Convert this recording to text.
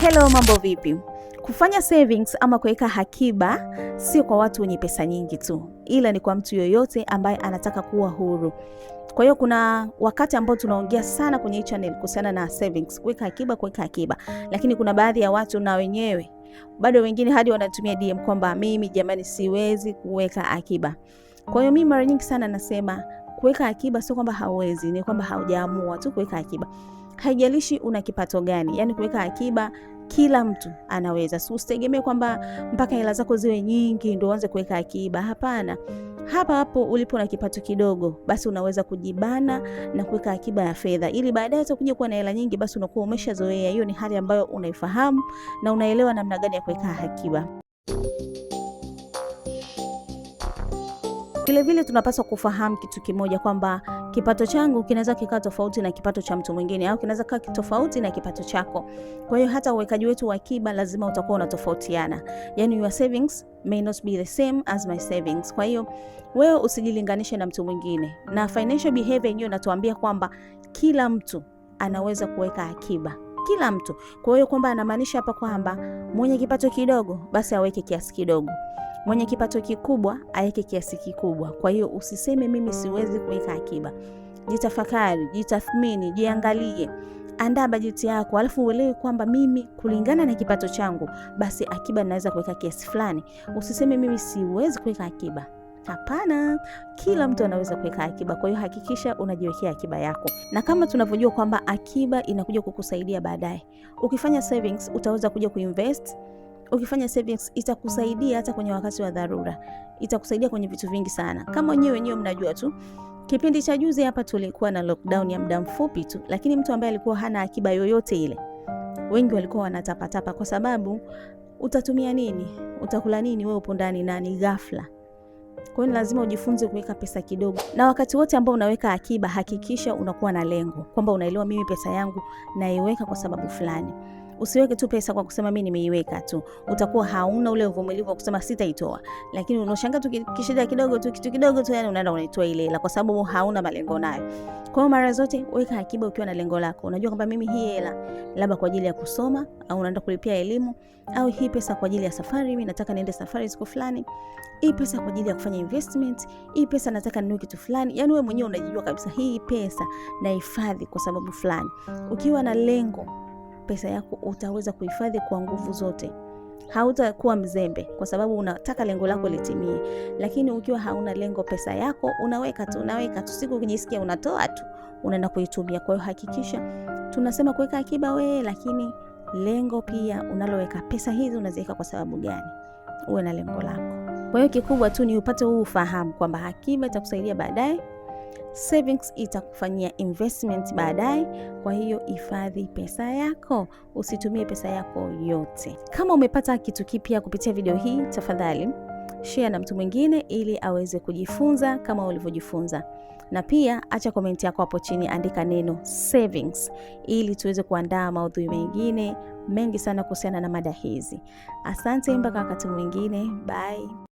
Hello, mambo vipi? Kufanya savings ama kuweka hakiba sio kwa watu wenye pesa nyingi tu, ila ni kwa mtu yoyote ambaye anataka kuwa huru. Kwa hiyo kuna wakati ambao tunaongea sana kwenye hii channel kuhusiana na savings, kuweka akiba, kuweka akiba, lakini kuna baadhi ya watu na wenyewe bado wengine hadi wanatumia DM kwamba mimi jamani, siwezi kuweka akiba. Kwa hiyo mimi mara nyingi sana nasema kuweka akiba sio kwamba hauwezi, ni kwamba haujaamua tu kuweka akiba. Haijalishi una kipato gani, yani kuweka akiba kila mtu anaweza. Si usitegemee kwamba mpaka hela zako ziwe nyingi ndio uanze kuweka akiba. Hapana, hapa hapo ulipo na kipato kidogo, basi unaweza kujibana na kuweka akiba ya fedha, ili baadaye utakuja kuwa na hela nyingi, basi unakuwa umeshazoea. Hiyo ni hali ambayo unaifahamu na unaelewa namna gani ya kuweka akiba. Vilevile tunapaswa kufahamu kitu kimoja kwamba kipato changu kinaweza kikaa tofauti na kipato cha mtu mwingine au kinaweza kikaa tofauti na kipato chako. Kwa hiyo hata uwekaji wetu wa akiba lazima utakuwa unatofautiana. Yaani your savings may not be the same as my savings. Kwa hiyo wewe usijilinganishe na mtu mwingine. Na financial behavior yenyewe inatuambia kwamba kila mtu anaweza kuweka akiba kila mtu. Kwa hiyo kwamba anamaanisha hapa kwamba mwenye kipato kidogo basi aweke kiasi kidogo, mwenye kipato kikubwa aweke kiasi kikubwa. Kwa hiyo usiseme mimi siwezi kuweka akiba. Jitafakari, jitathmini, jiangalie, andaa bajeti yako, alafu uelewe kwamba mimi kulingana na kipato changu basi akiba naweza kuweka kiasi fulani. Usiseme mimi siwezi kuweka akiba. Hapana, kila mtu anaweza kuweka akiba. Kwa hiyo hakikisha unajiwekea akiba yako, na kama tunavyojua kwamba akiba inakuja kukusaidia baadaye. Ukifanya savings utaweza kuja kuinvest Ukifanya savings itakusaidia hata kwenye wakati wa dharura, itakusaidia kwenye vitu vingi sana. Kama wenyewe wenyewe mnajua tu, kipindi cha juzi hapa tulikuwa na lockdown ya muda mfupi tu, lakini mtu ambaye alikuwa hana akiba yoyote ile, wengi walikuwa wanatapatapa, kwa sababu utatumia nini? Utakula nini? Wewe upo ndani nani ghafla kwa hiyo ni lazima ujifunze kuweka pesa kidogo, na wakati wote ambao unaweka akiba hakikisha unakuwa na lengo kwamba unaelewa, mimi pesa yangu naiweka kwa sababu fulani. Usiweke tu pesa kwa kusema mimi nimeiweka tu, utakuwa hauna ule uvumilivu wa kusema sitaitoa. Lakini unashangaa tu kishida kidogo tu, kitu kidogo tu, yani unaenda unaitoa ile hela kwa sababu hauna malengo nayo. Kwa hiyo mara zote weka akiba ukiwa na lengo lako. Unajua kwamba mimi hii hela labda kwa ajili ya kusoma au unaenda kulipia elimu au hii pesa kwa ajili ya safari, mimi nataka niende safari siku fulani. Hii pesa kwa ajili ya kufanya investment, hii pesa nataka ninunue kitu fulani. Yani wewe mwenyewe unajijua kabisa hii pesa naihifadhi kwa sababu fulani. Ukiwa na lengo pesa yako utaweza kuhifadhi kwa nguvu zote. Hautakuwa mzembe kwa sababu unataka lengo lako litimie. Lakini ukiwa hauna lengo, pesa yako unaweka tu, unaweka tu, siku ukijisikia unatoa tu, unaenda kuitumia. Kwa hiyo hakikisha, tunasema kuweka akiba we, lakini lengo pia unaloweka pesa hizi unaziweka kwa sababu gani? Uwe na lengo lako. Kwa hiyo kikubwa tu ni upate huu ufahamu kwamba akiba itakusaidia baadaye Savings itakufanyia investment baadaye. Kwa hiyo hifadhi pesa yako, usitumie pesa yako yote. Kama umepata kitu kipya kupitia video hii, tafadhali share na mtu mwingine ili aweze kujifunza kama ulivyojifunza, na pia acha komenti yako hapo chini, andika neno savings ili tuweze kuandaa maudhui mengine mengi sana kuhusiana na mada hizi. Asante, mpaka wakati mwingine, bye.